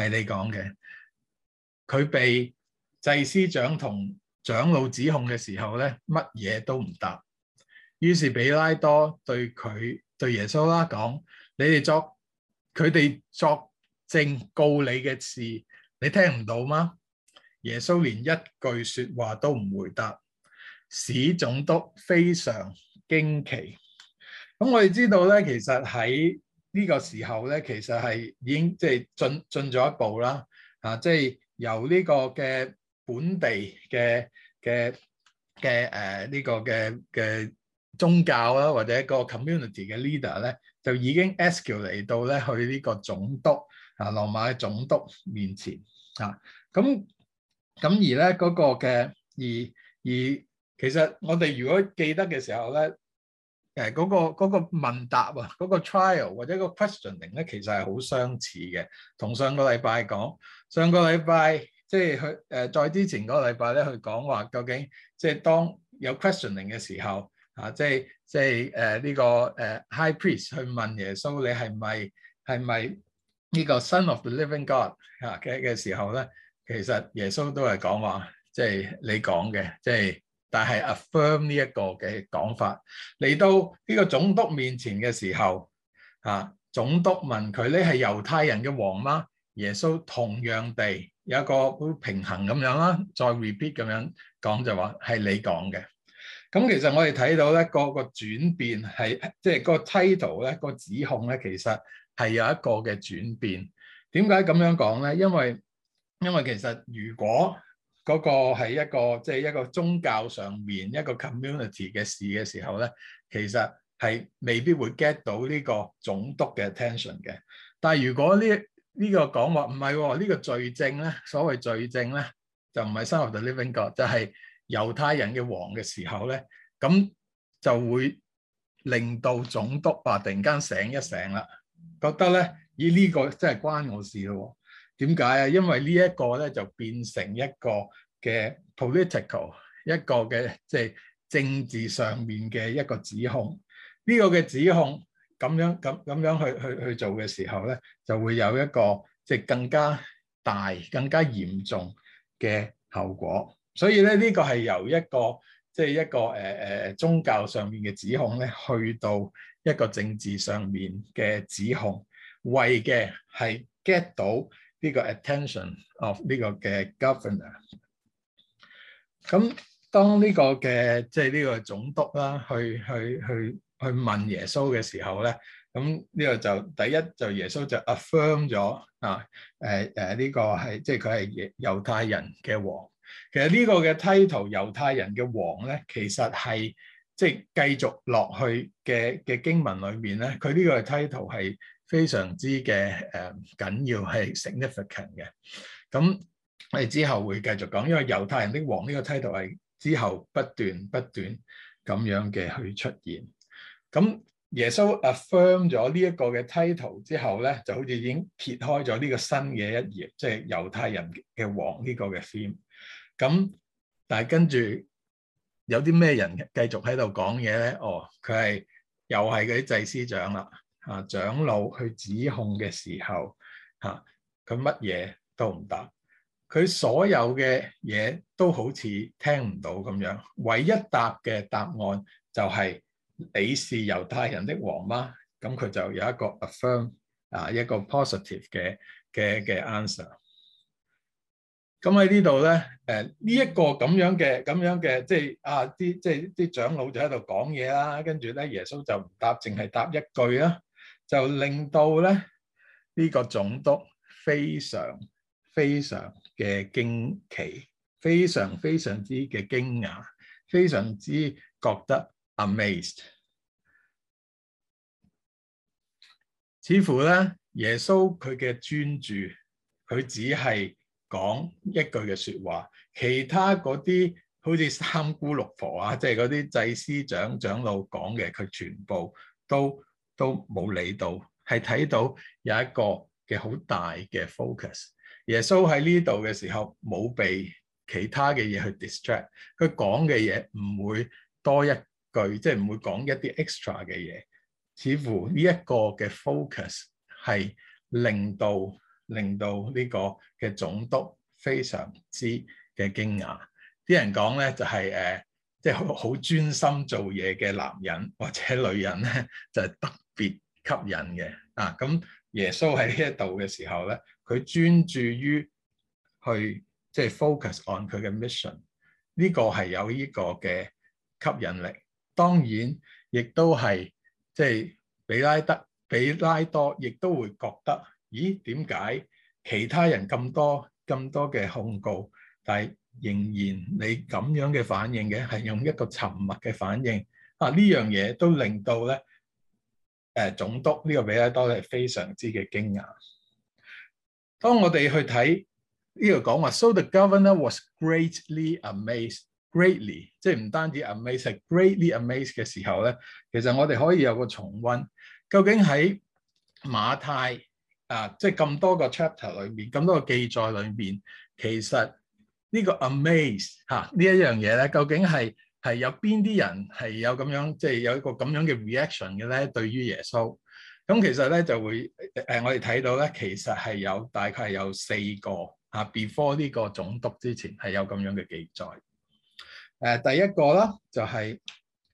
係你講嘅，佢被祭司長同長老指控嘅時候咧，乜嘢都唔答。於是比拉多對佢對耶穌啦講，你哋作佢哋作證告你嘅事，你聽唔到嗎？耶穌連一句說話都唔回答。史總督非常驚奇。咁我哋知道咧，其實喺呢個時候咧，其實係已經即係進進咗一步啦，啊！即係由呢個嘅本地嘅嘅嘅誒呢個嘅嘅宗教啦，或者個 community 嘅 leader 咧，就已經 escalate 嚟到咧去呢個總督啊，羅馬嘅總督面前啊。咁咁而咧嗰、嗰個嘅而而其實我哋如果記得嘅時候咧。誒嗰個嗰個問答啊，嗰個 trial 或者個 questioning 咧，其實係好相似嘅。同上個禮拜講，上個禮拜即係去誒再之前嗰個禮拜咧，去講話究竟即係當有 questioning 嘅時候啊，即係即係誒呢個誒 high priest 去問耶穌你係咪係咪呢個 son of the living god 嚇嘅嘅時候咧，其實耶穌都係講話即係你講嘅，即係。即但係 affirm 呢一個嘅講法，嚟到呢個總督面前嘅時候，嚇、啊、總督問佢咧係猶太人嘅王嗎？耶穌同樣地有一個好平衡咁樣啦、啊，再 repeat 咁樣講就話係你講嘅。咁、嗯、其實我哋睇到咧個轉個轉變係即係個 title 咧個指控咧，其實係有一個嘅轉變。點解咁樣講咧？因為因為其實如果嗰個係一個即係一個宗教上面一個 community 嘅事嘅時候咧，其實係未必會 get 到呢個總督嘅 attention 嘅。但係如果呢，呢個講話唔係喎，呢個罪證咧，所謂罪證咧就唔係 Son of theliving God，就係猶太人嘅王嘅時候咧，咁就會令到總督啊突然間醒一醒啦，覺得咧以呢個真係關我事咯喎。點解啊？因為呢一個咧就變成一個嘅 political 一個嘅即係政治上面嘅一個指控。呢個嘅指控咁樣咁咁樣去去去做嘅時候咧，就會有一個即係更加大、更加嚴重嘅後果。所以咧，呢個係由一個即係一個誒誒宗教上面嘅指控咧，去到一個政治上面嘅指控，為嘅係 get 到。呢個 attention of 呢個嘅 governor，咁當呢個嘅即係呢個總督啦，去去去去問耶穌嘅時候咧，咁呢個就第一就耶穌就 affirm 咗啊誒誒呢個係即係佢係猶太人嘅王。其實呢個嘅 title 猶太人嘅王咧，其實係即係繼續落去嘅嘅經文裏面咧，佢呢個嘅 title 係非常之嘅誒緊要係 significant 嘅，咁我哋之後會繼續講，因為猶太人的王呢個 title 係之後不斷不斷咁樣嘅去出現。咁耶穌 affirm 咗呢一個嘅 title 之後咧，就好似已經揭開咗呢個新嘅一頁，即係猶太人嘅王呢個嘅 theme。咁但係跟住有啲咩人繼續喺度講嘢咧？哦，佢係又係嗰啲祭司長啦。啊！長老去指控嘅時候，嚇佢乜嘢都唔答，佢所有嘅嘢都好似聽唔到咁樣。唯一答嘅答案就係：你是猶太人的王嗎？咁佢就有一個 affirm 啊，一個 positive 嘅嘅嘅 answer。咁喺呢度咧，誒呢一個咁樣嘅咁樣嘅，即係啊啲即係啲長老就喺度講嘢啦，跟住咧耶穌就唔答，淨係答一句啦。就令到咧呢個總督非常非常嘅驚奇，非常非常之嘅驚訝，非常之覺得 amazed。似乎咧耶穌佢嘅專注，佢只係講一句嘅説話，其他嗰啲好似三姑六婆啊，即係嗰啲祭司長、長老講嘅，佢全部都。都冇理到，係睇到有一個嘅好大嘅 focus。耶穌喺呢度嘅時候冇畀其他嘅嘢去 distract，佢講嘅嘢唔會多一句，即係唔會講一啲 extra 嘅嘢。似乎呢一個嘅 focus 係令到令到呢個嘅總督非常之嘅驚訝。啲人講咧就係誒，即係好好專心做嘢嘅男人或者女人咧就係得別吸引嘅啊！咁耶穌喺呢一度嘅時候咧，佢專注於去即係 focus on 佢嘅 mission，呢個係有呢個嘅吸引力。當然，亦都係即係彼拉德、彼拉多亦都會覺得，咦？點解其他人咁多咁多嘅控告，但係仍然你咁樣嘅反應嘅，係用一個沉默嘅反應啊？呢樣嘢都令到咧。誒總督呢、這個彼拉多係非常之嘅驚訝。當我哋去睇呢個講話，so the governor was greatly amazed，greatly 即係唔單止 amazed，係 greatly amazed 嘅時候咧，其實我哋可以有個重溫，究竟喺馬太啊，即係咁多個 chapter 裏面，咁多個記載裏面，其實呢個 amazed、啊、吓呢一樣嘢咧，究竟係？係有邊啲人係有咁樣，即係有一個咁樣嘅 reaction 嘅咧？對於耶穌咁，其實咧就會誒，我哋睇到咧，其實係有大概有四個啊。Before 呢個總督之前係有咁樣嘅記載。誒，第一個啦，就係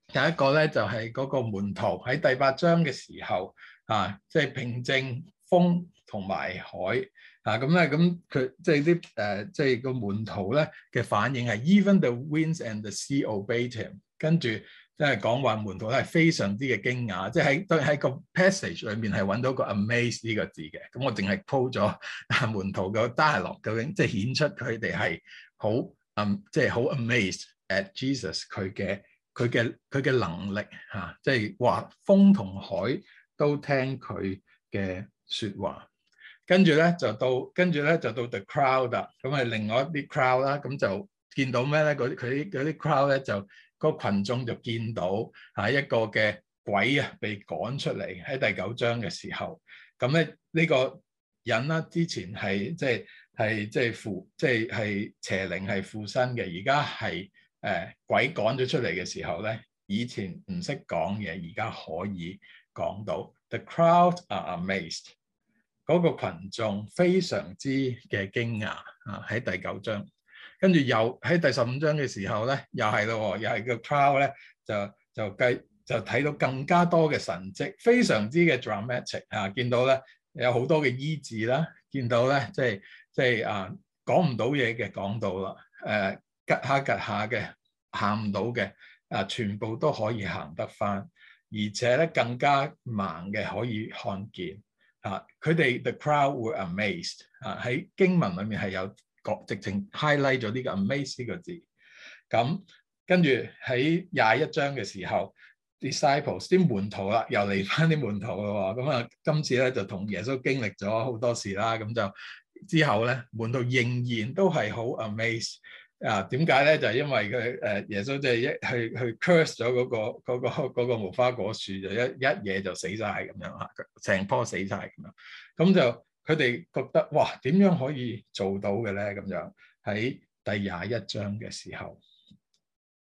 第一個咧，就係、是、嗰個門徒喺第八章嘅時候啊，即係平靜風，同埋海啊，咁咧咁佢即係啲誒，即係個、uh, 門徒咧嘅反應係，even the winds and the sea obeyed him。跟住即係講話門徒咧，係非常之嘅驚訝，即係喺當然喺個 passage 裏面係揾到個 amaze 呢個字嘅。咁我淨係鋪咗門徒嘅 dialog，究竟即係顯出佢哋係好嗯，即係好 amazed at Jesus 佢嘅佢嘅佢嘅能力嚇，即係話風同海都聽佢嘅説話。跟住咧就到，跟住咧就到 the crowd 啦、嗯。咁係另外一啲 crowd 啦、嗯。咁就見到咩咧？嗰啲佢啲啲 crowd 咧，就、個群眾就見到嚇、啊、一個嘅鬼啊，被趕出嚟喺第九章嘅時候。咁咧呢個人啦、啊，之前係即係係即係附即係係邪靈係附身嘅，而家係誒鬼趕咗出嚟嘅時候咧，以前唔識講嘢，而家可以講到 the crowd are amazed。嗰個羣眾非常之嘅驚訝啊！喺第九章，跟住又喺第十五章嘅時候咧，又係咯，又係個 Paul 咧就就計就睇到更加多嘅神跡，非常之嘅 dramatic 啊！見到咧有好多嘅醫治啦，見到咧即係即係啊講唔到嘢嘅講到啦，誒、啊、吉下吉下嘅行唔到嘅啊全部都可以行得返，而且咧更加盲嘅可以看見。啊！佢哋 the crowd were amazed 啊！喺經文裏面係有直情 highlight 咗呢、這個 amazed 呢個字。咁、啊、跟住喺廿一章嘅時候，disciples 啲門徒啦，又嚟返啲門徒咯喎。咁啊，啊，今次咧就同耶穌經歷咗好多事啦。咁、啊、就之後咧，門徒仍然都係好 amazed。啊，點解咧？就係因為佢誒耶穌即係一去去 curse 咗嗰個嗰個嗰個無花果樹就一一夜就死曬咁樣啊！成棵死晒。咁樣，咁就佢哋覺得哇，點樣可以做到嘅咧？咁樣喺第廿一章嘅時候，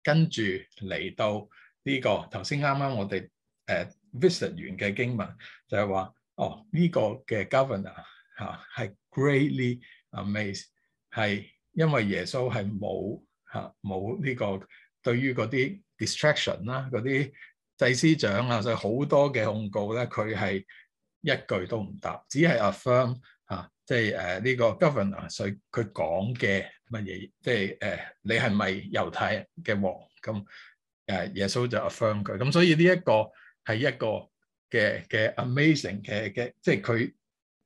跟住嚟到呢個頭先啱啱我哋誒、呃、visit 完嘅經文，就係話哦，呢個嘅 governor 嚇係 greatly amazed 係因為耶穌係冇嚇冇呢個對於嗰啲 distraction 啦，嗰啲祭司長啊，所以好多嘅控告咧，佢係一句都唔答，只係 affirm 嚇、啊，即係誒呢個 governor 所佢講嘅乜嘢，即係誒、啊、你係咪猶太人嘅王咁？誒、啊、耶穌就 affirm 佢，咁、啊、所以呢一個係一個嘅嘅 amazing 嘅嘅，即係佢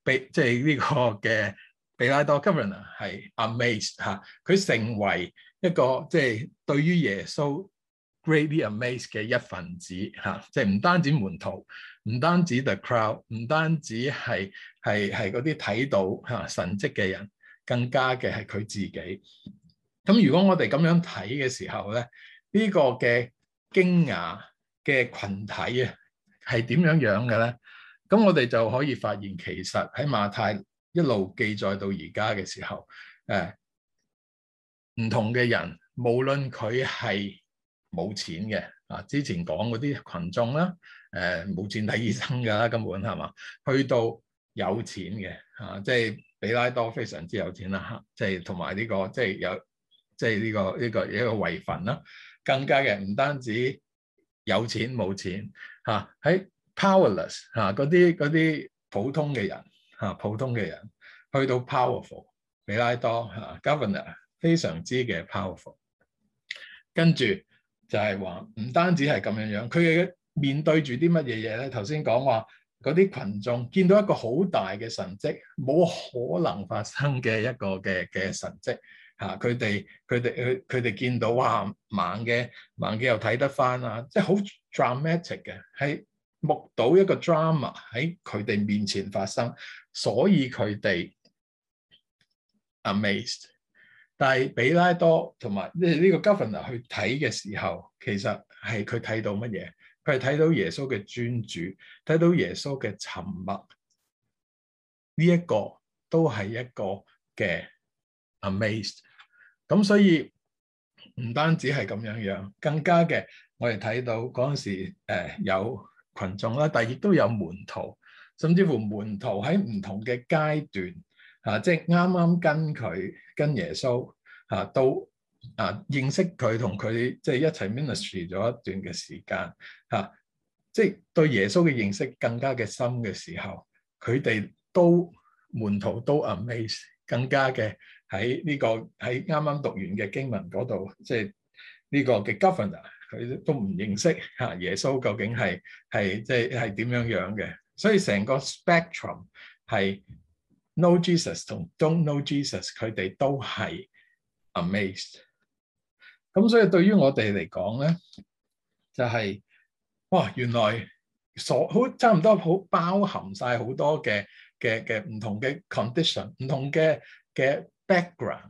俾即係呢個嘅。比拉多 governor 係 amazed 佢成為一個即係、就是、對於耶穌 greatly amazed 嘅一份子嚇、啊，即係唔單止門徒，唔單止 the crowd，唔單止係係係嗰啲睇到嚇、啊、神蹟嘅人，更加嘅係佢自己。咁如果我哋咁樣睇嘅時候咧，呢、這個嘅驚訝嘅群體啊，係點樣樣嘅咧？咁我哋就可以發現，其實喺馬太。一路記載到而家嘅時候，誒、欸、唔同嘅人，無論佢係冇錢嘅啊，之前講嗰啲群眾啦，誒、啊、冇錢睇醫生㗎啦，根本係嘛？去到有錢嘅啊，即係比拉多非常之有錢啦、啊，即係同埋呢個即係有即係呢、呢個呢、呢個一、呢個呢個遺份啦、啊，更加嘅唔單止有錢冇錢嚇，喺、啊、powerless 嚇、啊、啲嗰啲普通嘅人。嚇普通嘅人去到 powerful，比拉多嚇、uh, governor 非常之嘅 powerful。跟住就係話唔單止係咁樣樣，佢哋面對住啲乜嘢嘢咧？頭先講話嗰啲群眾見到一個好大嘅神跡，冇可能發生嘅一個嘅嘅神跡嚇，佢哋佢哋佢佢哋見到哇猛嘅猛嘅又睇得返啊，即係好 dramatic 嘅，係目睹一個 drama 喺佢哋面前發生。所以佢哋 amazed，但係比拉多同埋即係呢個 Governor 去睇嘅時候，其實係佢睇到乜嘢？佢係睇到耶穌嘅專注，睇到耶穌嘅沉默。呢、這個、一個都係一個嘅 amazed。咁所以唔單止係咁樣樣，更加嘅我哋睇到嗰陣時有群眾啦，但係亦都有門徒。甚至乎門徒喺唔同嘅階段，嚇，即係啱啱跟佢跟耶穌嚇，都啊認識佢，同佢即係一齊 ministry 咗一段嘅時間嚇，即係對耶穌嘅認識更加嘅深嘅時候，佢哋都門徒都 amaze 更加嘅。喺呢個喺啱啱讀完嘅經文嗰度，即係呢個嘅 governor 佢都唔認識嚇耶穌究竟係係即係係點樣樣嘅。所以成個 spectrum 係 know Jesus 同 don't know Jesus，佢哋都係 amazed。咁所以對於我哋嚟講咧，就係、是、哇、哦、原來所好差唔多好包含晒好多嘅嘅嘅唔同嘅 condition，唔同嘅嘅 background，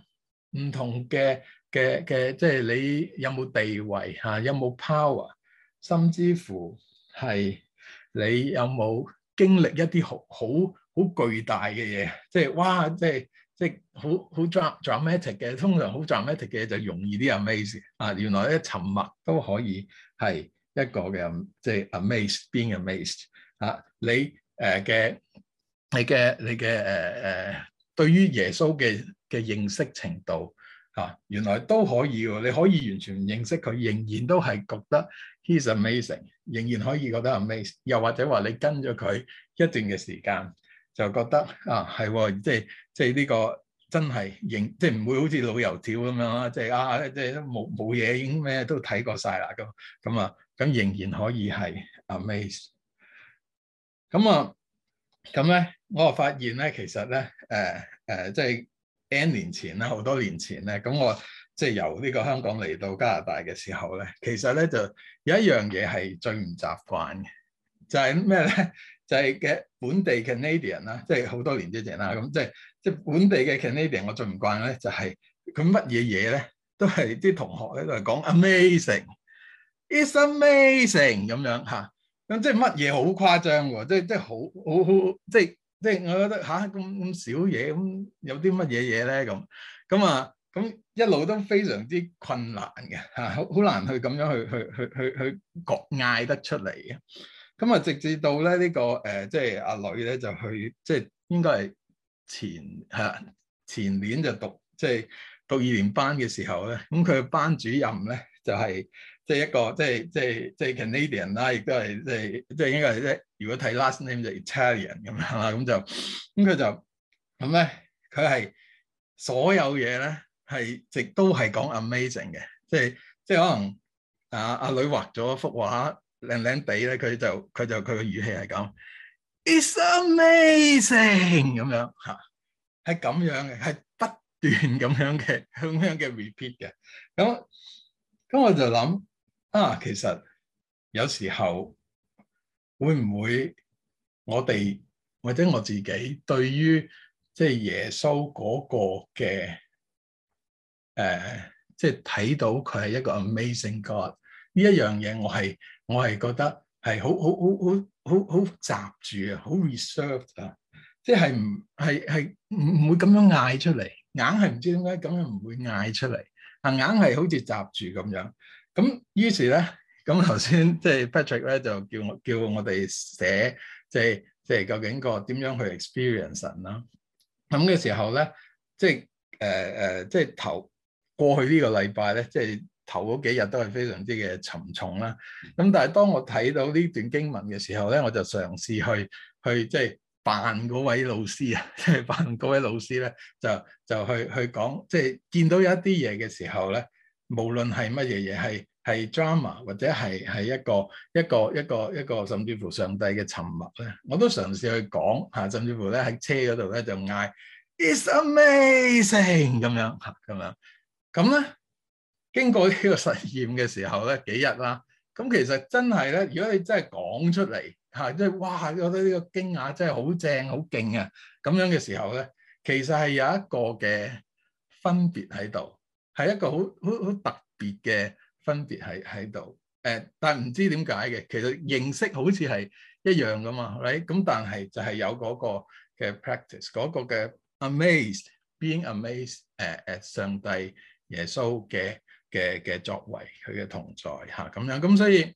唔同嘅嘅嘅即係你有冇地位嚇、啊，有冇 power，甚至乎係你有冇？經歷一啲好好好巨大嘅嘢，即係哇，即係即係好好 dramatic 嘅。通常好 dramatic 嘅嘢就容易啲 amaze 啊，原來咧沉默都可以係一個嘅，即係 amaze，being amazed。啊，你誒嘅、呃、你嘅你嘅誒誒，對於耶穌嘅嘅認識程度啊，原來都可以喎。你可以完全唔認識佢，仍然都係覺得。This amazing 仍然可以覺得 amazed，又或者話你跟咗佢一段嘅時間，就覺得啊係、哦，即係即係呢個真係仍即係唔會好似老油條咁樣啦，即係啊即係冇冇嘢，已經咩都睇過晒啦咁咁啊，咁、嗯嗯嗯、仍然可以係 amazed。咁啊咁咧，我就發現咧，其實咧誒誒，即係 N 年前啦，好多年前咧，咁、嗯、我。即係由呢個香港嚟到加拿大嘅時候咧，其實咧就有一樣嘢係最唔習慣嘅，就係咩咧？就係、是、嘅本地 Canadian 啦，即係好多年之前啦，咁即係即係本地嘅 Canadian，我最唔慣咧就係佢乜嘢嘢咧，都係啲同學呢都係講 amazing，is amazing 咁樣吓？咁即係乜嘢好誇張喎？即係即係好好好，即係即係我覺得吓，咁咁少嘢，咁有啲乜嘢嘢咧咁咁啊！咁一路都非常之困難嘅，嚇，好難去咁樣去去去去去講嗌得出嚟嘅。咁啊，直至到咧呢個誒，即係阿女咧就去，即係應該係前嚇前年就讀即係讀二年班嘅時候咧。咁佢嘅班主任咧就係即係一個即係即係即係 Canadian 啦，亦都係即係即係應該係即係如果睇 last name 就 Italian 咁樣啦，咁就咁佢就咁咧，佢係所有嘢咧。係直都係講 amazing 嘅，即係即係可能啊阿女畫咗一幅畫，靚靚地咧，佢就佢就佢個語氣係咁，It's amazing 咁樣，嚇，係咁樣嘅，係不斷咁樣嘅咁樣嘅 repeat 嘅。咁咁我就諗啊，其實有時候會唔會我哋或者我自己對於即係耶穌嗰個嘅？誒、呃，即係睇到佢係一個 amazing God，呢一,一樣嘢我係我係覺得係好好好好好好雜住啊，好 reserved 啊，即係唔係唔唔會咁樣嗌出嚟，硬係唔知點解咁樣唔會嗌出嚟，啊硬係好似雜住咁樣。咁於是咧，咁頭先即係 Patrick 咧就叫我叫我哋寫、就是，即係即係究竟個點樣去 experience 神啦。咁嘅時候咧，即係誒誒，即係頭。過去呢個禮拜咧，即係頭嗰幾日都係非常之嘅沉重啦。咁、mm hmm. 但係當我睇到呢段經文嘅時候咧，我就嘗試去去即係扮嗰位老師啊，即係扮嗰位老師咧，就就去去講，即係見到有一啲嘢嘅時候咧，無論係乜嘢嘢，係係 drama 或者係係一個一個一個一個甚至乎上帝嘅沉默咧，我都嘗試去講嚇，甚至乎咧喺車嗰度咧就嗌，It's amazing 咁樣嚇，咁樣。咁咧，經過呢個實驗嘅時候咧，幾日啦？咁其實真係咧，如果你真係講出嚟嚇，即係哇！覺得呢個驚訝真係好正、好勁啊！咁樣嘅時候咧，其實係有一個嘅分別喺度，係一個好好好特別嘅分別喺喺度。誒，但係唔知點解嘅，其實認識好似係一樣噶嘛，係咪？咁但係就係有嗰個嘅 practice，嗰個嘅 amazed，being amazed，誒誒上帝。耶穌嘅嘅嘅作為，佢嘅同在嚇咁、啊、樣，咁所以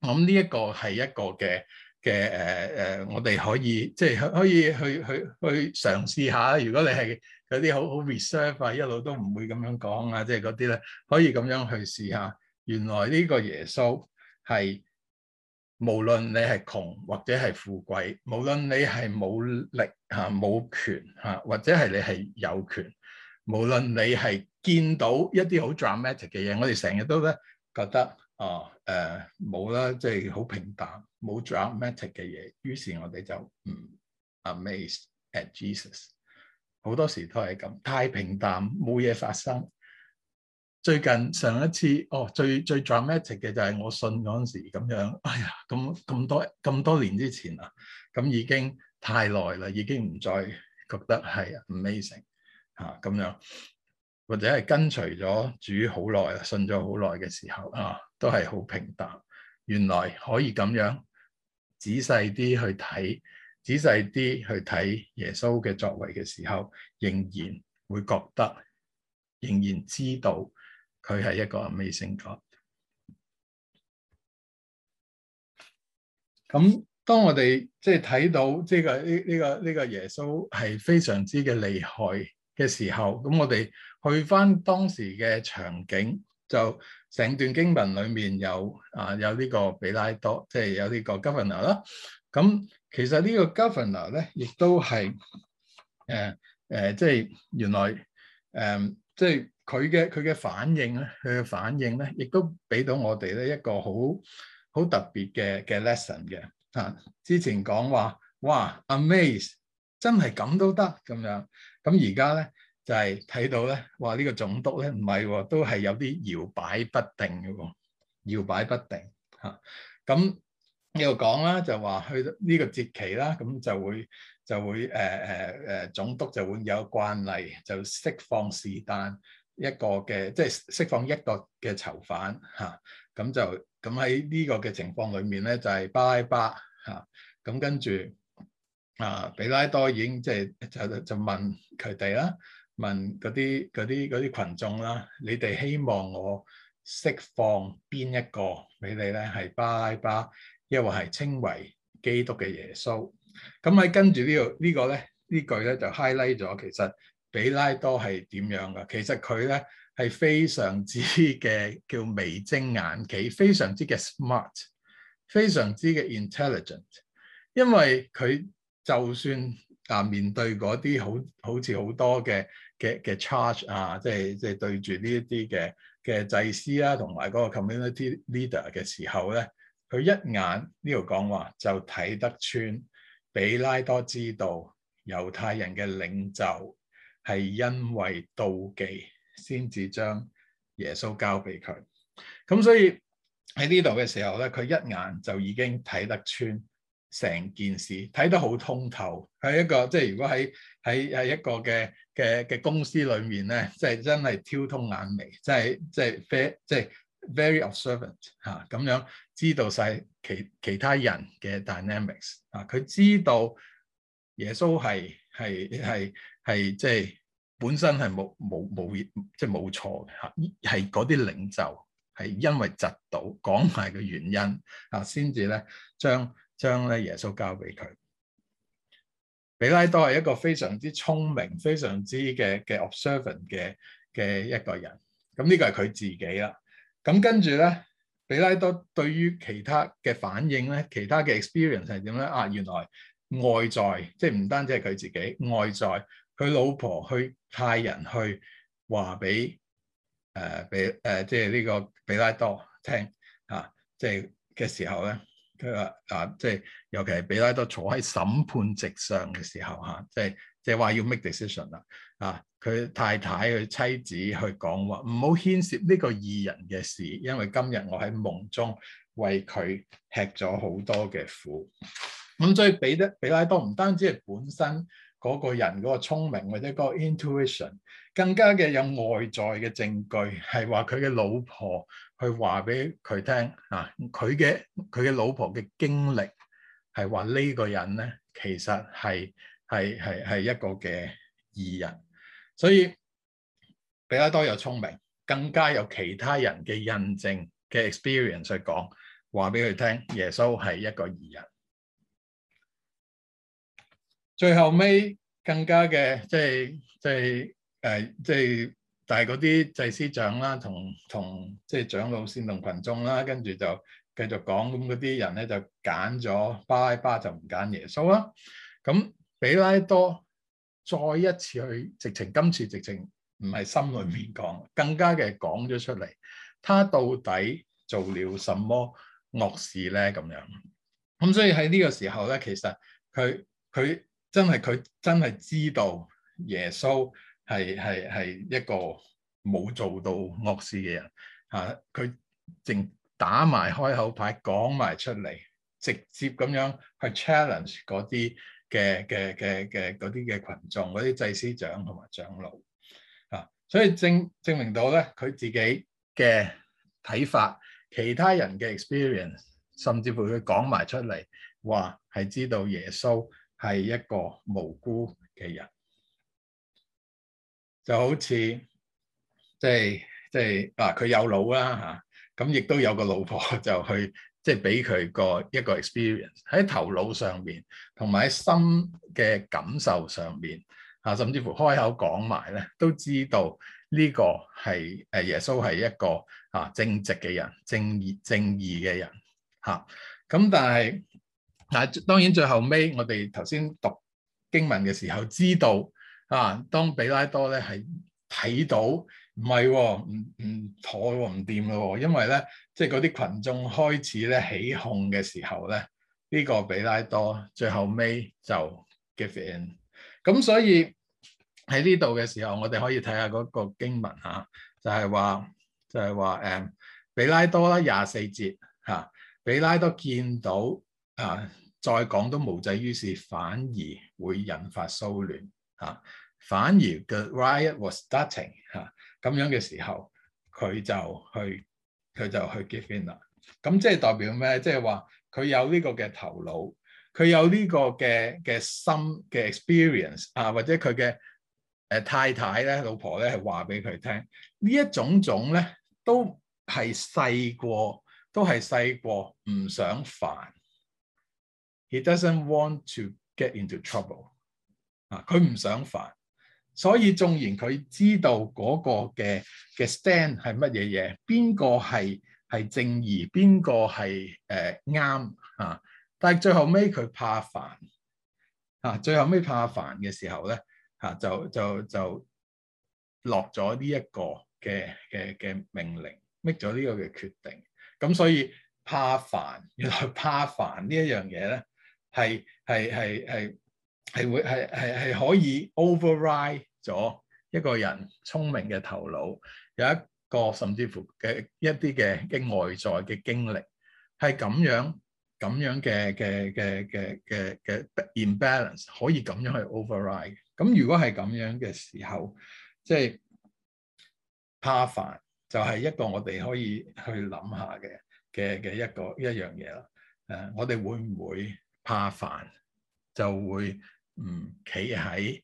我咁呢一個係一個嘅嘅誒誒，我哋可以即係可以去去去嘗試下。如果你係有啲好好 reserve 啊，一路都唔會咁樣講啊，即係嗰啲咧，可以咁樣去試下。原來呢個耶穌係無論你係窮或者係富貴，無論你係冇力嚇冇、啊、權嚇、啊，或者係你係有權。無論你係見到一啲好 dramatic 嘅嘢，我哋成日都咧覺得哦誒冇啦，即係好平淡，冇 dramatic 嘅嘢。於是我哋就唔 amazed at Jesus。好多時都係咁太平淡，冇嘢發生。最近上一次哦最最 dramatic 嘅就係我信嗰陣時咁樣，哎呀咁咁多咁多年之前啦、啊，咁已經太耐啦，已經唔再覺得係 amazing。吓咁、啊、樣，或者係跟隨咗主好耐，信咗好耐嘅時候啊，都係好平淡。原來可以咁樣仔細啲去睇，仔細啲去睇耶穌嘅作為嘅時候，仍然會覺得，仍然知道佢係一個未成角。咁、啊、當我哋即係睇到呢、即係呢個呢呢、呢個呢、呢個耶穌係非常之嘅厲害。嘅時候，咁我哋去翻當時嘅場景，就成段經文裏面有啊有呢個比拉多，即、就、係、是、有呢個 governor 啦、啊。咁其實個呢個 governor 咧，亦都係誒誒，即、啊、係、啊就是、原來誒，即係佢嘅佢嘅反應咧，佢嘅反應咧，亦都俾到我哋咧一個好好特別嘅嘅 lesson 嘅。啊，之前講話哇，amaze，真係咁都得咁樣。咁而家咧就係、是、睇到咧，話呢、呢個總督咧唔係喎，都係有啲搖擺不定嘅喎，搖擺不定嚇。咁、啊、又講啦，就話去到呢個節期啦，咁就會就會誒誒誒總督就會有慣例就釋放是但一個嘅，即係釋放一個嘅囚犯嚇。咁、啊、就咁喺呢個嘅情況裡面咧，就係巴拉巴嚇。咁、啊、跟住。啊！比拉多已經即係就、就，就問佢哋啦，問嗰啲啲啲群眾啦，你哋希望我釋放邊一個你哋咧？係巴拉巴，又或係稱為基督嘅耶穌？咁喺跟住呢、這個這個呢個咧呢句咧就 highlight 咗，其實比拉多係點樣噶？其實佢咧係非常之嘅叫眉精眼企，非常之嘅 smart，非常之嘅 intelligent，因為佢。就算啊面對嗰啲好好似好多嘅嘅嘅 charge 啊，即係即係對住呢一啲嘅嘅祭司啊，同埋嗰個 community leader 嘅時候咧，佢一眼呢度講話就睇得穿，比拉多知道猶太人嘅領袖係因為妒忌先至將耶穌交俾佢，咁所以喺呢度嘅時候咧，佢一眼就已經睇得穿。成件事睇得好通透，喺一個即係如果喺喺喺一個嘅嘅嘅公司裏面咧，即係真係挑通眼眉，即係即係 very 即係 very observant 嚇、啊、咁樣知道晒其其他人嘅 dynamics 啊，佢知道耶穌係係係係即係本身係冇冇冇即係冇錯嚇，係嗰啲領袖係因為窒到講埋嘅原因啊，先至咧將，將將咧耶穌交俾佢，比拉多係一個非常之聰明、非常之嘅嘅 observant 嘅嘅一個人。咁、嗯、呢、這個係佢自己啦。咁、嗯、跟住咧，比拉多對於其他嘅反應咧，其他嘅 experience 係點咧？啊，原來外在，即係唔單止係佢自己，外在佢老婆去派人去話俾誒比誒、呃，即係呢個比拉多聽啊，即係嘅時候咧。佢話啊，即係尤其係比拉多坐喺審判席上嘅時候吓，即係即係話要 make decision 啦。啊，佢太太佢妻子去講話，唔好牽涉呢個義人嘅事，因為今日我喺夢中為佢吃咗好多嘅苦。咁所以比得比拉多唔單止係本身嗰個人嗰個聰明或者嗰個 intuition。更加嘅有外在嘅證據，係話佢嘅老婆去話俾佢聽啊！佢嘅佢嘅老婆嘅經歷係話呢個人咧，其實係係係係一個嘅義人。所以彼拉多有聰明，更加有其他人嘅印證嘅 experience 去講話俾佢聽，耶穌係一個義人。最後尾更加嘅即係即係。誒、呃，即係但係嗰啲祭司長啦，同同即係長老煽動群眾啦，跟住就繼續講，咁嗰啲人咧就揀咗巴拉巴就唔揀耶穌啦。咁、嗯、彼拉多再一次去，直情今次直情唔係心裏面講，更加嘅講咗出嚟。他到底做了什麼惡事咧？咁樣咁、嗯、所以喺呢個時候咧，其實佢佢真係佢真係知道耶穌。係係係一個冇做到惡事嘅人嚇，佢淨打埋開口牌講埋出嚟，直接咁樣去 challenge 嗰啲嘅嘅嘅嘅嗰啲嘅羣眾、嗰啲祭司長同埋長老啊，所以證證明到咧佢自己嘅睇法，其他人嘅 experience，甚至乎佢講埋出嚟話係知道耶穌係一個無辜嘅人。就好似即係即係啊，佢有腦啦嚇，咁、啊、亦都有個老婆就去即係俾佢個一個 experience 喺頭腦上邊，同埋喺心嘅感受上邊啊，甚至乎開口講埋咧，都知道呢個係誒、啊、耶穌係一個啊正直嘅人，正義正義嘅人嚇。咁但係啊，啊但但當然最後尾我哋頭先讀經文嘅時候知道。啊！當比拉多咧係睇到唔係，唔唔妥，唔掂咯，因為咧即係嗰啲群眾開始咧起哄嘅時候咧，呢、這個比拉多最後尾就 give in。咁所以喺呢度嘅時候，我哋可以睇下嗰個經文嚇、啊，就係、是、話就係話誒比拉多啦廿四節嚇，比、啊、拉多見到啊再講都無濟於事，反而會引發騷亂嚇。啊反而 the riot was starting 嚇、啊、咁樣嘅時候，佢就去佢就去 give in 啦。咁即係代表咩？即係話佢有呢個嘅頭腦，佢有呢個嘅嘅心嘅 experience 啊，或者佢嘅誒太太咧、老婆咧係話俾佢聽呢一種種咧，都係細個，都係細個唔想煩。He doesn't want to get into trouble 啊，佢唔想煩。所以縱然佢知道嗰個嘅嘅 stand 係乜嘢嘢，邊個係係正義，邊個係誒啱啊，但係最後尾佢怕煩啊，最後尾怕煩嘅時候咧啊，就就就落咗呢一個嘅嘅嘅命令，make 咗呢個嘅決定。咁所以怕煩，原來怕煩呢一樣嘢咧，係係係係。係會係係係可以 override 咗一個人聰明嘅頭腦，有一個甚至乎嘅一啲嘅嘅外在嘅經歷，係咁樣咁樣嘅嘅嘅嘅嘅嘅 imbalance 可以咁樣去 override。咁如果係咁樣嘅時候，即係怕煩，就係一個我哋可以去諗下嘅嘅嘅一個一樣嘢啦。誒，我哋會唔會怕煩就會？唔企喺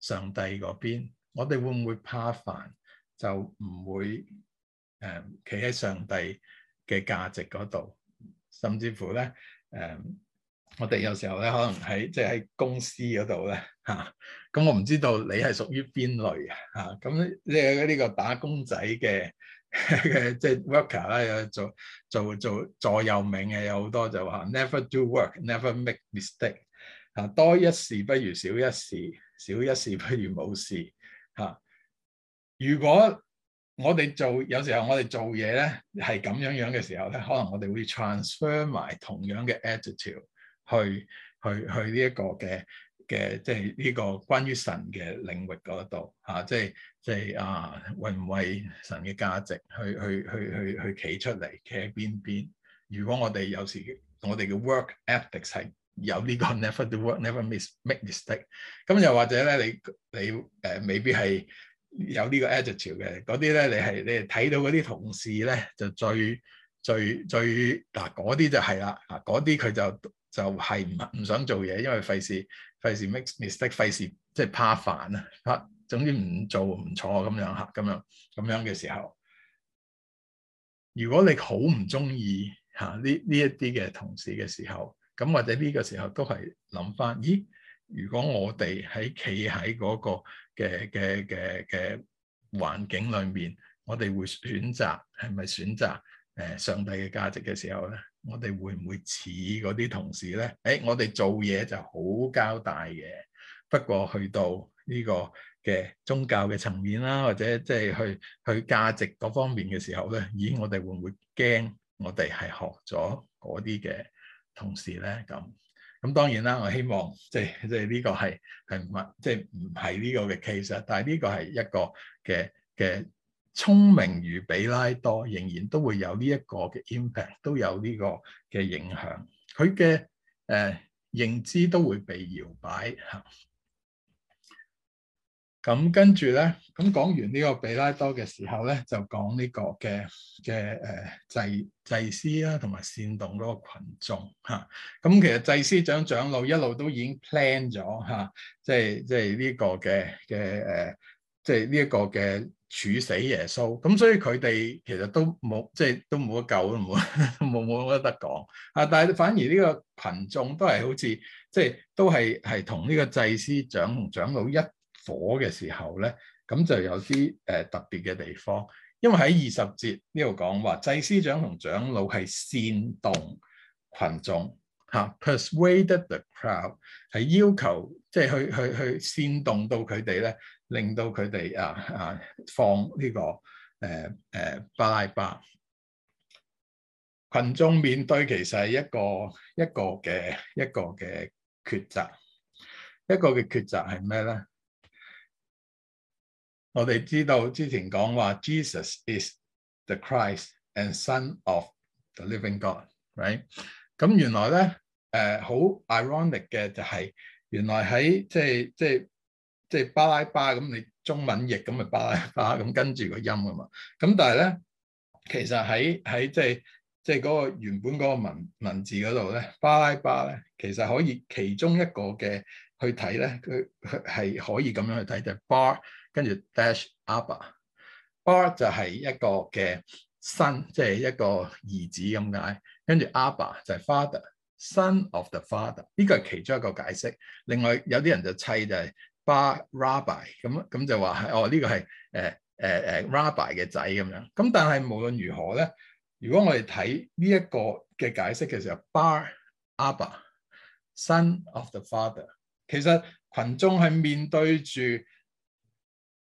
上帝嗰邊，我哋會唔會怕煩就唔會誒企喺上帝嘅價值嗰度，甚至乎咧誒、呃，我哋有時候咧可能喺即係喺公司嗰度咧吓，咁、啊嗯、我唔知道你係屬於邊類啊吓，咁即係呢個打工仔嘅嘅即係 worker 啦、啊，有做做做座右銘嘅有好多就話 never do work，never make mistake。啊，多一事不如少一事，少一事不如冇事。嚇、啊！如果我哋做，有時候我哋做嘢咧，係咁樣樣嘅時候咧，可能我哋會 transfer 埋同樣嘅 attitude 去去去呢一個嘅嘅，即係呢個關於神嘅領域嗰度。吓、啊，即係即係啊，為唔為神嘅價值，去去去去去企出嚟，企喺邊邊。如果我哋有時，我哋嘅 work ethic 係。有呢個 never never miss, make mistake。咁又或者咧，你你誒、呃、未必係有呢個 adjective 嘅嗰啲咧，你係你睇到嗰啲同事咧就最最最嗱嗰啲就係啦，嗰啲佢就就係唔唔想做嘢，因為費事費事 make mistake，費事即係怕煩啊，怕總之唔做唔錯咁樣嚇，咁樣咁樣嘅時候，如果你好唔中意嚇呢呢一啲嘅同事嘅時候。咁或者呢個時候都係諗返，咦？如果我哋喺企喺嗰個嘅嘅嘅嘅環境裏面，我哋會選擇係咪選擇誒上帝嘅價值嘅時候咧？我哋會唔會似嗰啲同事咧？誒，我哋做嘢就好交代嘅。不過去到呢個嘅宗教嘅層面啦，或者即係去去價值嗰方面嘅時候咧，咦？我哋會唔會驚？我哋係學咗嗰啲嘅？同時咧咁，咁當然啦，我希望即係即係呢個係係唔係，即係唔係呢個嘅 case，但係呢個係一個嘅嘅聰明如彼拉多仍然都會有呢一個嘅 impact，都有呢個嘅影響，佢嘅誒認知都會被搖擺嚇。咁跟住咧，咁講完呢、這個比拉多嘅時候咧，就講呢個嘅嘅誒祭祭司啦、啊，同埋煽動嗰個羣眾嚇。咁、啊、其實祭司長長老一路都已經 plan 咗嚇、啊就是，即係即係呢個嘅嘅誒，即係呢一個嘅處死耶穌。咁所以佢哋其實都冇即係都冇得救都冇冇冇得得講啊！但係反而呢個群眾都係好似即係都係係同呢個祭司長同長老一。火嘅時候咧，咁就有啲誒、呃、特別嘅地方，因為喺二十節呢度講話，祭司長同長老係煽動群眾嚇、啊、persuaded the crowd 係要求，即、就、係、是、去去去，去煽動到佢哋咧，令到佢哋啊啊放呢、這個誒誒、啊啊、巴拉巴。羣眾面對其實係一個一個嘅一個嘅抉擇，一個嘅抉擇係咩咧？我哋知道之前講話 Jesus is the Christ and Son of the Living God，right？咁原來咧，誒、呃、好 ironic 嘅就係原來喺即係即係即係巴拉巴咁，你中文譯咁咪巴拉巴咁跟住個音啊嘛。咁但係咧，其實喺喺即係即係嗰個原本嗰個文文字嗰度咧，巴拉巴咧其實可以其中一個嘅去睇咧，佢係可以咁樣去睇就係 bar。跟住 Dash 阿爸，Bar 就係一個嘅 son，即係一個兒子咁解。跟住阿爸就係 father，son of the father。呢個係其中一個解釋。另外有啲人就砌就係 Bar Rabbi 咁，咁就話哦呢個係誒誒誒 Rabbi 嘅仔咁樣。咁、哦這個欸欸啊、但係無論如何咧，如果我哋睇呢一個嘅解釋嘅時候，Bar 阿爸，son of the father，其實群眾係面對住。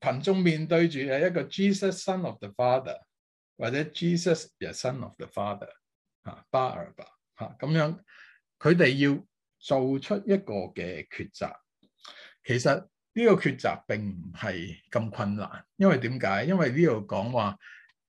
群眾面對住係一個 Jesus Son of the Father 或者 Jesus the Son of the Father，嚇巴爾巴嚇咁、啊、樣，佢哋要做出一個嘅抉擇。其實呢、這個抉擇並唔係咁困難，因為點解？因為呢度講話，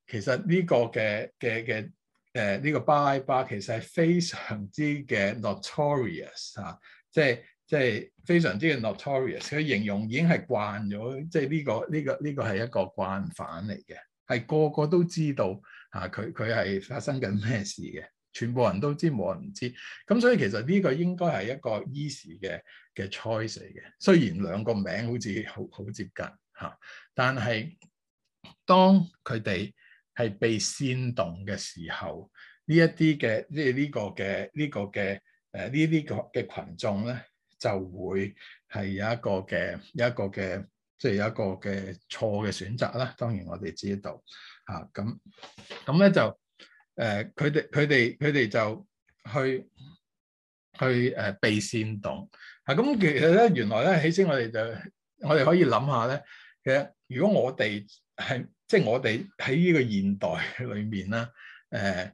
其實呢個嘅嘅嘅誒呢個巴爾巴其實係非常之嘅 notorious 啊，即係。即係非常之嘅 notorious，佢形容已經係慣咗，即係呢個呢個呢個係一個慣犯嚟嘅，係個個都知道嚇佢佢係發生緊咩事嘅，全部人都知，冇人唔知。咁所以其實呢個應該係一個 easy 嘅嘅 choice 嚟嘅，雖然兩個名好似好好接近嚇、啊，但係當佢哋係被煽動嘅時候，一呢個呢個呢個呃、呢一啲嘅即係呢個嘅呢個嘅誒呢啲個嘅群眾咧。就會係有一個嘅，有一個嘅，即、就、係、是、有一個嘅錯嘅選擇啦。當然我哋知道嚇，咁咁咧就誒，佢哋佢哋佢哋就去去誒被煽動嚇。咁、啊、其實咧，原來咧起先我哋就我哋可以諗下咧，其實如果我哋係即係我哋喺呢個現代裏面啦誒。呃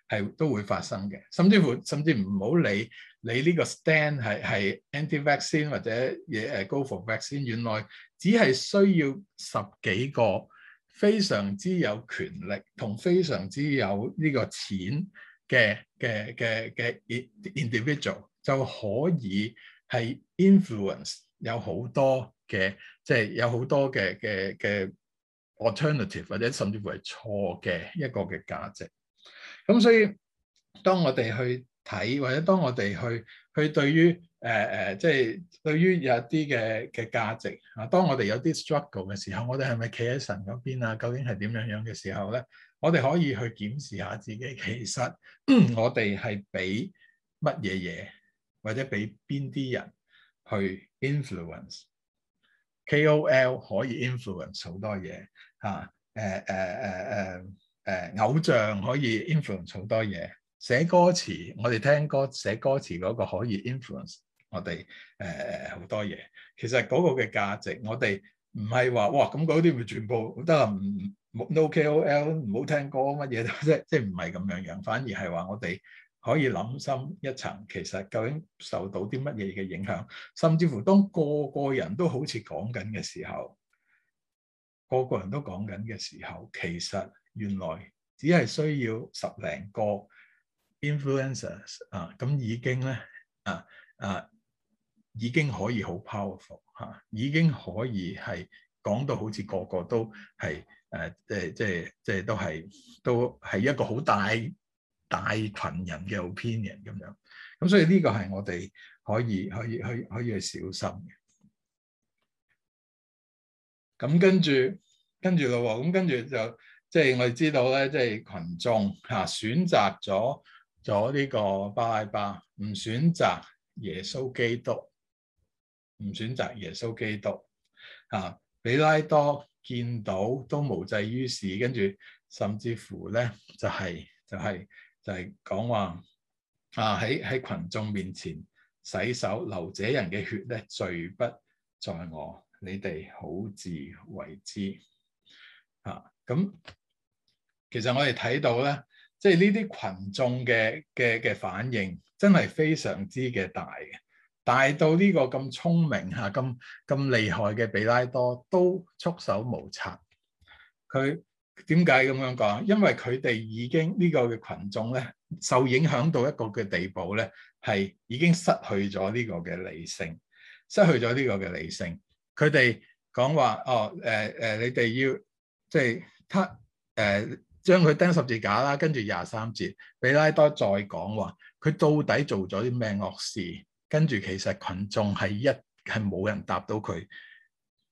係都會發生嘅，甚至乎甚至唔好理你呢個 stand 係係 anti-vaccine 或者嘢誒 go for vaccine，原來只係需要十幾個非常之有權力同非常之有呢個錢嘅嘅嘅嘅 individual 就可以係 influence 有好多嘅即係有好多嘅嘅嘅 alternative 或者甚至乎係錯嘅一個嘅價值。咁所以，當我哋去睇，或者當我哋去去對於誒誒，即、呃、係、就是、對於有啲嘅嘅價值啊，當我哋有啲 struggle 嘅時候，我哋係咪企喺神嗰邊啊？究竟係點樣樣嘅時候咧？我哋可以去檢視下自己，其實我哋係俾乜嘢嘢，或者俾邊啲人去 influence？KOL 可以 influence 好多嘢啊！誒誒誒誒。啊啊啊誒、呃、偶像可以 influence 好多嘢，寫歌詞，我哋聽歌寫歌詞嗰個可以 influence 我哋誒好多嘢。其實嗰個嘅價值，我哋唔係話哇咁嗰啲咪全部得啦，唔 no KOL 唔好聽歌乜嘢都即即係唔係咁樣樣，反而係話我哋可以諗深一層，其實究竟受到啲乜嘢嘅影響，甚至乎當個個人都好似講緊嘅時候，個個人都講緊嘅時候，其實。原來只係需要十零個 influencers 啊，咁已經咧啊啊，已經可以好 powerful 嚇、啊，已經可以係講到好似個個都係誒、啊、即係即係即係都係都係一個好大大羣人嘅 opinion 咁樣。咁、啊、所以呢個係我哋可以可以去可，可以去小心嘅。咁跟住跟住嘞喎，咁跟住就。即係我哋知道咧，即係群眾吓選擇咗咗呢個巴拉巴，唔選擇耶穌基督，唔選擇耶穌基督吓。彼拉多見到都無濟於事，跟住甚至乎咧就係就係就係講話啊喺喺群眾面前洗手流這人嘅血咧，罪不在我，你哋好自為之吓。咁。其實我哋睇到咧，即係呢啲群眾嘅嘅嘅反應，真係非常之嘅大嘅，大到呢個咁聰明吓、咁、啊、咁厲害嘅比拉多都束手無策。佢點解咁樣講？因為佢哋已經呢、呢個嘅群眾咧，受影響到一個嘅地步咧，係已經失去咗呢個嘅理性，失去咗呢個嘅理性。佢哋講話哦，誒、呃、誒、呃，你哋要即係他誒。呃將佢釘十字架啦，跟住廿三節，比拉多再講話，佢到底做咗啲咩惡事？跟住其實群眾係一係冇人答到佢，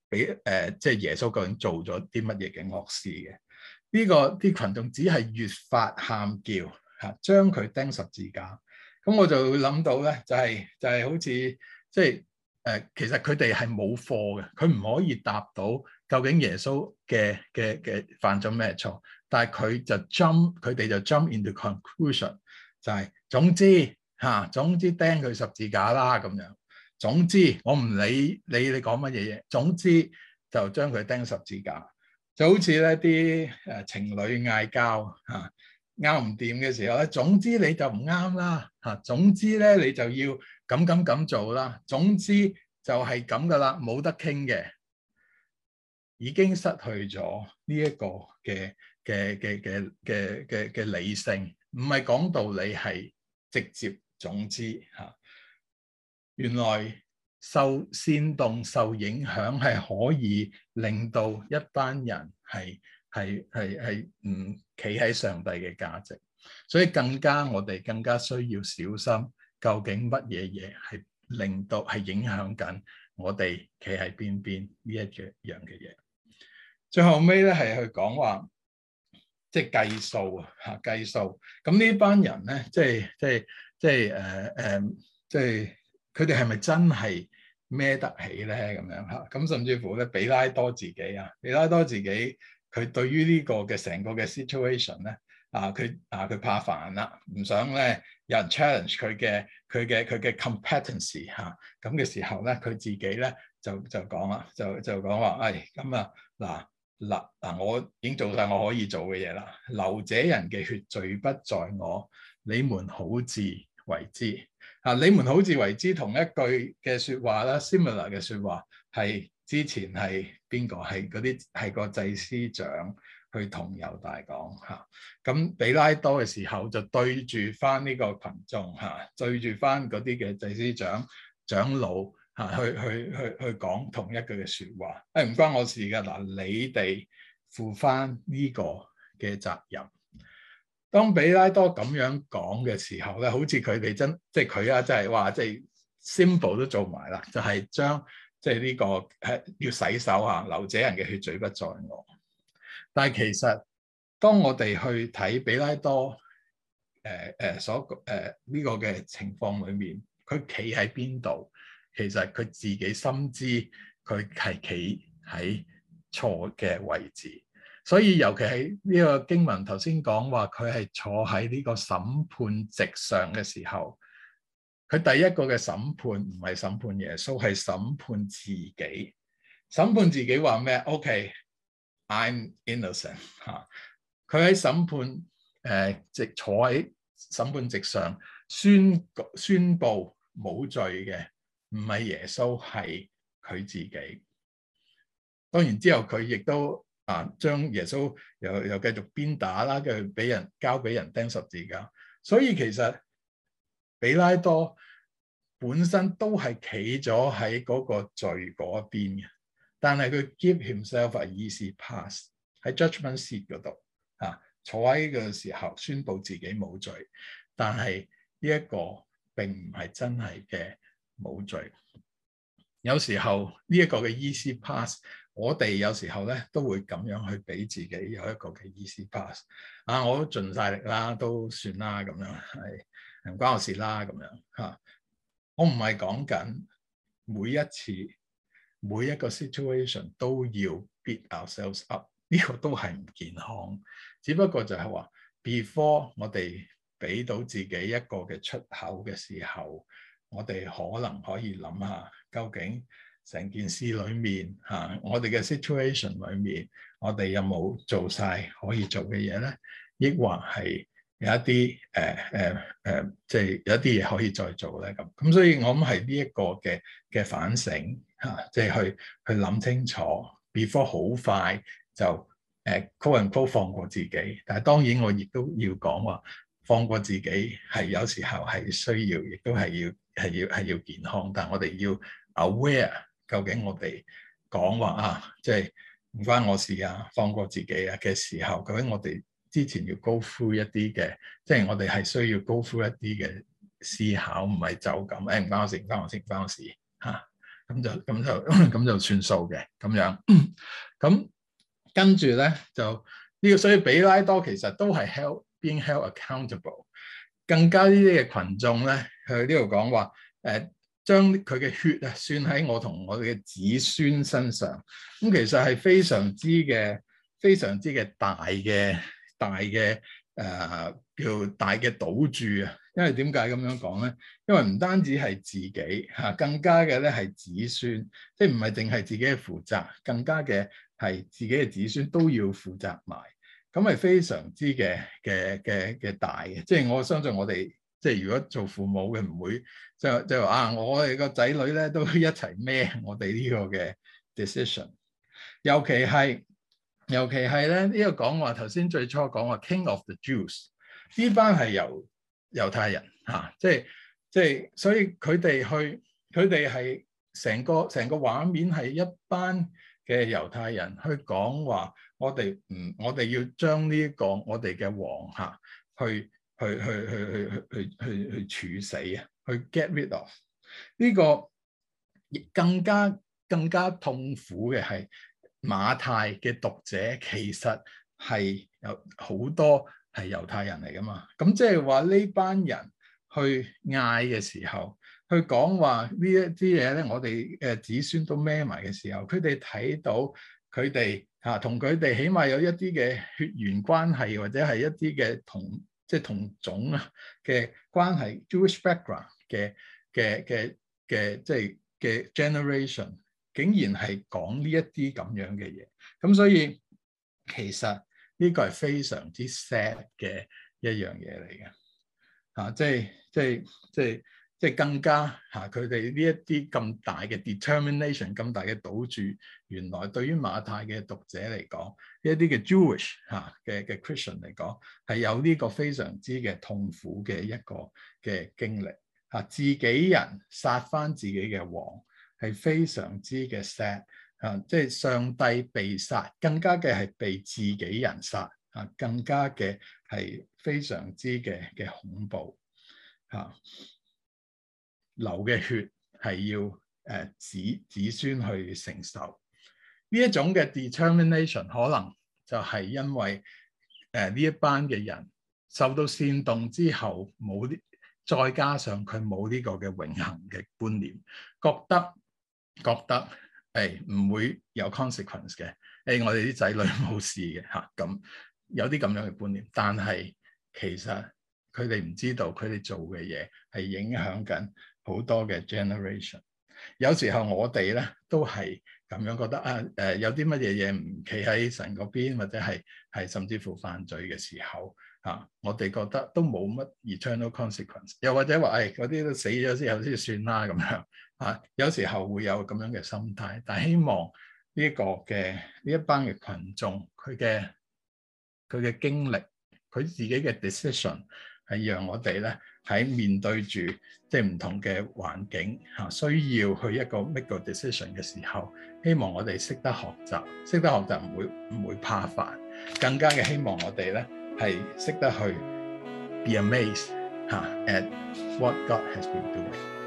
俾誒即係耶穌究竟做咗啲乜嘢嘅惡事嘅？呢、這個啲群眾只係越發喊叫，吓將佢釘十字架。咁、嗯、我就會諗到咧，就係、是、就係、是、好似即係誒，其實佢哋係冇貨嘅，佢唔可以答到究竟耶穌嘅嘅嘅犯咗咩錯？但係佢就 jump，佢哋就 jump into conclusion，就係總之嚇，總之釘佢十字架啦咁樣。總之我唔理你，你講乜嘢嘢，總之就將佢釘十字架。就好似咧啲誒情侶嗌交嚇，啱唔掂嘅時候咧，總之你就唔啱啦嚇。總之咧你就要咁咁咁做啦。總之就係咁㗎啦，冇得傾嘅，已經失去咗呢一個嘅嘅嘅嘅嘅嘅嘅理性，唔係講道理，係直接，總之吓，原來受煽動、受影響係可以令到一班人係係係係唔企喺上帝嘅價值，所以更加我哋更加需要小心，究竟乜嘢嘢係令到係影響緊我哋企喺邊邊呢一樣樣嘅嘢。最後尾呢係去講話。即係計數啊，嚇計數。咁呢班人咧，即係即係即係誒誒，即係佢哋係咪真係孭得起咧？咁樣嚇。咁甚至乎咧，比拉多自己啊，比拉多自己，佢對於呢個嘅成個嘅 situation 咧，啊佢啊佢怕煩啦，唔想咧有人 challenge 佢嘅佢嘅佢嘅 competency 嚇。咁嘅啊時候咧，佢自己咧就就講啦，就就講話，誒咁啊嗱。嗱嗱，我已經做曬我可以做嘅嘢啦。流者人嘅血罪不在我，你們好自為之。啊，你們好自為之同一句嘅説話啦，similar 嘅説話係之前係邊個？係嗰啲係個祭司長去同猶大講嚇。咁、啊、比拉多嘅時候就對住翻呢個群眾嚇、啊，對住翻嗰啲嘅祭司長長老，吓去去去去講同一句嘅說話，誒、哎、唔關我事噶，嗱，你哋負翻呢個嘅責任。當比拉多咁樣講嘅時候咧，好似佢哋真即係佢啊，真係話即係 symbol 都做埋啦，就係、是、將即係呢、這個誒要洗手吓，流者人嘅血罪不在我。但係其實當我哋去睇比拉多誒誒、呃、所誒呢、呃這個嘅情況裏面，佢企喺邊度？其實佢自己深知佢係企喺錯嘅位置，所以尤其喺呢個經文頭先講話，佢係坐喺呢個審判席上嘅時候，佢第一個嘅審判唔係審判耶穌，係審判自己。審判自己話咩？OK，I'm、okay, innocent。吓，佢喺審判誒，直、呃、坐喺審判席上宣宣布冇罪嘅。唔係耶穌，係佢自己。當然之後佢亦都啊，將耶穌又又繼續鞭打啦，跟住俾人交俾人釘十字架。所以其實比拉多本身都係企咗喺嗰個罪嗰一邊嘅。但係佢 give himself a easy pass 喺 judgment seat 嗰度啊，坐喺嘅時候宣布自己冇罪，但係呢一個並唔係真係嘅。冇罪。有時候呢一個嘅 EC pass，我哋有時候咧都會咁樣去俾自己有一個嘅 EC pass。啊，我都盡晒力啦，都算啦咁樣，係唔關我事啦咁樣嚇、啊。我唔係講緊每一次每一個 situation 都要 beat ourselves up，呢個都係唔健康。只不過就係話，before 我哋俾到自己一個嘅出口嘅時候。我哋可能可以諗下，究竟成件事裏面嚇，我哋嘅 situation 裏面，我哋有冇做晒可以做嘅嘢咧？抑或係有一啲誒誒誒，即係有一啲嘢可以再做咧咁。咁所以我，我諗係呢一個嘅嘅反省嚇，即係去去諗清楚，before 好快就誒 quote unquote 放過自己。但係當然，我亦都要講話放過自己係有時候係需要，亦都係要。係要係要健康，但係我哋要 aware 究竟我哋講話啊，即係唔關我事啊，放過自己啊嘅時候，究竟我哋之前要 go through 一啲嘅，即、就、係、是、我哋係需要 go through 一啲嘅思考，唔係就咁。誒唔關我事，唔關我事，唔關我事，吓、啊、咁就咁就咁 就算數嘅咁樣。咁 跟住咧就呢、這個，所以比拉多其實都係 held being held accountable。更加呢啲嘅群眾咧，佢喺呢度講話，誒、呃、將佢嘅血啊，算喺我同我嘅子孫身上。咁其實係非常之嘅，非常之嘅大嘅，大嘅誒、呃、叫大嘅賭注啊！因為點解咁樣講咧？因為唔單止係自己嚇，更加嘅咧係子孫，即係唔係淨係自己負責，更加嘅係自己嘅子孫都要負責埋。咁係非常之嘅嘅嘅嘅大嘅，即係我相信我哋即係如果做父母嘅唔會就就話啊，我哋個仔女咧都一齊孭我哋呢個嘅 decision。尤其係尤其係咧呢、這個講話頭先最初講話 King of the Jews 呢班係由猶太人嚇、啊，即係即係所以佢哋去佢哋係成個成個畫面係一班。嘅猶太人去講話，我哋唔，我哋要將呢個我哋嘅王下去去去去去去去去去處死啊，去 get rid of 呢個。更加更加痛苦嘅係馬太嘅讀者，其實係有好多係猶太人嚟㗎嘛。咁即係話呢班人去嗌嘅時候。去講話呢一啲嘢咧，我哋嘅子孫都孭埋嘅時候，佢哋睇到佢哋嚇同佢哋，啊、起碼有一啲嘅血緣關係，或者係一啲嘅同即係同種啊嘅關係 ，Jewish background 嘅嘅嘅嘅即係嘅 generation，竟然係講呢一啲咁樣嘅嘢，咁所以其實呢個係非常之 sad 嘅一樣嘢嚟嘅，嚇、啊、即係即係即係。即係更加嚇，佢哋呢一啲咁大嘅 determination，咁大嘅賭注，原來對於馬太嘅讀者嚟講，呢一啲嘅 Jewish 嚇嘅嘅 Christian 嚟講，係有呢個非常之嘅痛苦嘅一個嘅經歷嚇、啊，自己人殺翻自己嘅王，係非常之嘅 sad 嚇、啊，即係上帝被殺，更加嘅係被自己人殺嚇、啊，更加嘅係非常之嘅嘅恐怖嚇。啊。流嘅血係要誒、呃、子子孫去承受呢一種嘅 determination，可能就係因為誒呢、呃、一班嘅人受到煽動之後冇啲，再加上佢冇呢個嘅永恆嘅觀念，覺得覺得誒唔、哎、會有 consequence 嘅，誒、哎、我哋啲仔女冇事嘅嚇咁，有啲咁樣嘅觀念，但係其實佢哋唔知道佢哋做嘅嘢係影響緊。好多嘅 generation，有時候我哋咧都係咁樣覺得啊，誒有啲乜嘢嘢唔企喺神嗰邊，或者係係甚至乎犯罪嘅時候，嚇、啊、我哋覺得都冇乜 eternal consequence，又或者話誒嗰啲都死咗之後先算啦咁樣，嚇、啊、有時候會有咁樣嘅心態，但係希望呢個嘅呢一班嘅群眾佢嘅佢嘅經歷，佢自己嘅 decision 係讓我哋咧。喺面對住即係唔同嘅環境嚇、啊，需要去一個 make a decision 嘅時候，希望我哋識得學習，識得學習唔會唔會怕煩，更加嘅希望我哋咧係識得去 be amazed 嚇、啊、at what God has been doing。